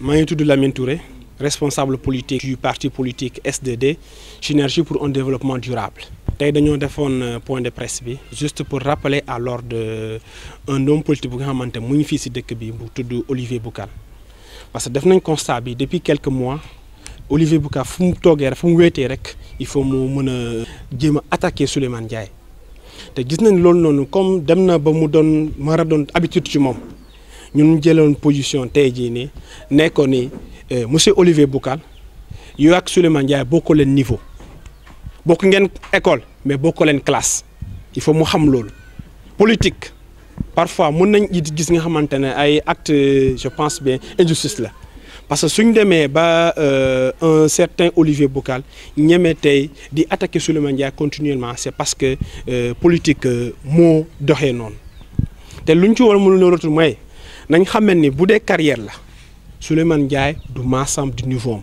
maa ngi tudd Lamine Touré responsable politique du parti politique SDD Synergie pour un développement durable tey dañoo defoon euh, point de presse bi juste pour rappeler à de euh, un homme politique bu nga xamante mu ngi fii si dëkk bi bu tudd Olivier Boucan parce que def nañ constat bi depuis quelques mois Olivier Boucan fu mu toogee rek fu mu weetee rek il faut mu mën a jéem a attaquer Souleymane Ndiaye te gis nañ loolu noonu comme dem na ba mu doon mara doon habitude ci moom ñun jëloon position tey jii nii nekkoon ni euh, monsieur Olivier Boucal yow ak Souleymane Ndiaye bokkoo leen niveau bokk ngeen école mais bokkoo leen classe il faut mu xam loolu politique parfois mun nañ it gis nga xamante ne ay acte je pense bi injustice la parce que suñ demee ba euh, un certain Olivier Boucal ñeme tey di attaquer Souleymane Ndiaye continuellement c'est parce que euh, politique mu doxee noonu te luñ ci war a mën a mooy. nañ xamee ni bu dee carrière la Souleymane Ndiaye du maasam du niveau am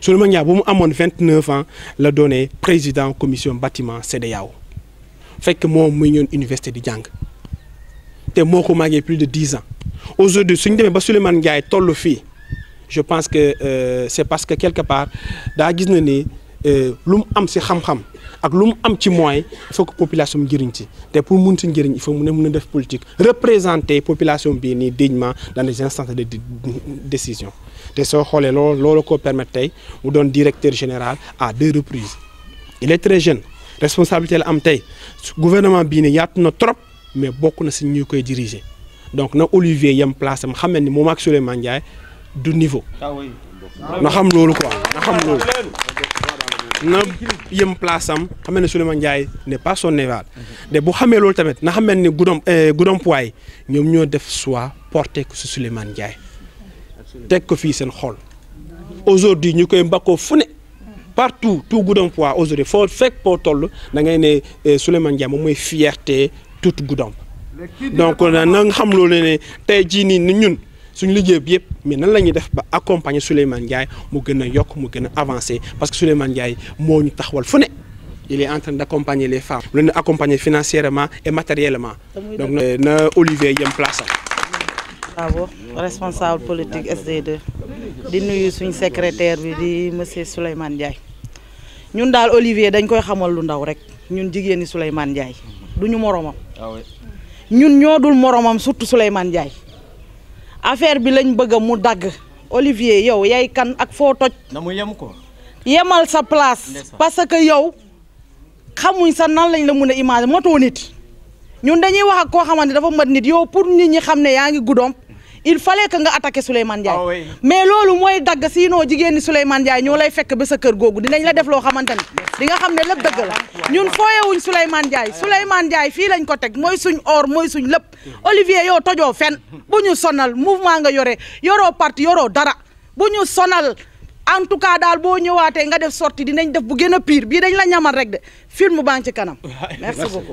Souleymane bu mu amoon vingt neuf ans la doonee président commission bâtiment CEDEAO fekk moo muy ñoon université di jàng te moo ko màggee plus de dix ans aujourd'hui suñ demee ba Souleymane Ndiaye tollu fii je pense que euh, c'est parce que quelque part daa gis na nii Euh, lu mu am si xam-xam ak lu mu am ci moyen il population bi njëriñ ci te pour mun si njëriñ il faut mu mun a def politique représenter population bii nii dignement dans les instances de décision te soo xoolee loolu loolu ko permettre tey mu doon directeur général à deux reprises il est très jeune responsabilité la am tey gouvernement bii nii yaatu na trop mais bokk na si ñu koy diriger donc na Olivier yem place am xam ni moom ak Souleymane Ndiaye du niveau. Ah na xam loolu na yëm place am xam ne Souleymane Ndiaye n'est son rival de bu xamee loolu tamit na xam ne Goudomp euh, Goudomp waay ñoom ñoo def choix porté ko si Souleymane Ndiaye teg ko fii seen xol aujourd'hui ñu koy mbakkoo fu ne partout tout Goudomp waay aujourd'hui foo fekk foo toll da ngay ne euh, Souleymane Ndiaye moom mooy fierté toute Goudomp donc na nga xam loolu ne tey jii nii ñun. suñu liggéey bi yëpp mais nan la ñuy def ba accompagner Souleymane Ndiaye mu gën a yokk mu gën a avancer parce que Souleymane Ndiaye moo ñu taxawal fu ne il est en train d'accompagner les femmes. mu leen di accompagner financièrement et matériellement. donc na Olivier yem place am. responsable politique sd di nuyu suñ secrétaire bi di monsieur Souleymane Ndiaye ñun daal Olivier dañ koy xamal lu ndaw rek ñun jigéeni Souleymane Ndiaye ñu moromam. Ah ñun ñoo dul moromam surtout Souleymane Ndiaye. affaire bi lañ bëgg mu dagg Olivier yow yay kan ak foo toj. mu yem ko. yemal sa place. parce que yow xamuñ sa nan lañ la mun a imaginer motoo nit. ñun dañuy wax ak koo xamante dafa mat nit yow pour nit ñi xam ne yaa ngi guddoom il fallait que nga attaqué Souleymane Ndiaye ah mais loolu mooy dagg sinon jigéen ñi Souleymane Ndiaye ñoo lay fekk ba sa kër googu dinañ la def loo xamante ne di nga xam ne lépp dëgg la ñun fooyewuñ Souleymane Ndiaye ah Souleymane Ndiaye fii lañ ko teg mooy suñ or mooy suñ lépp Olivier yow tojoo fen bu ñu sonal mouvement nga yore yoro parti yoro dara bu ñu sonal en tout cas daal boo ñëwaatee nga def sorti dinañ def bu gën a pire bii dañ la ñamal rek de film baa ngi ci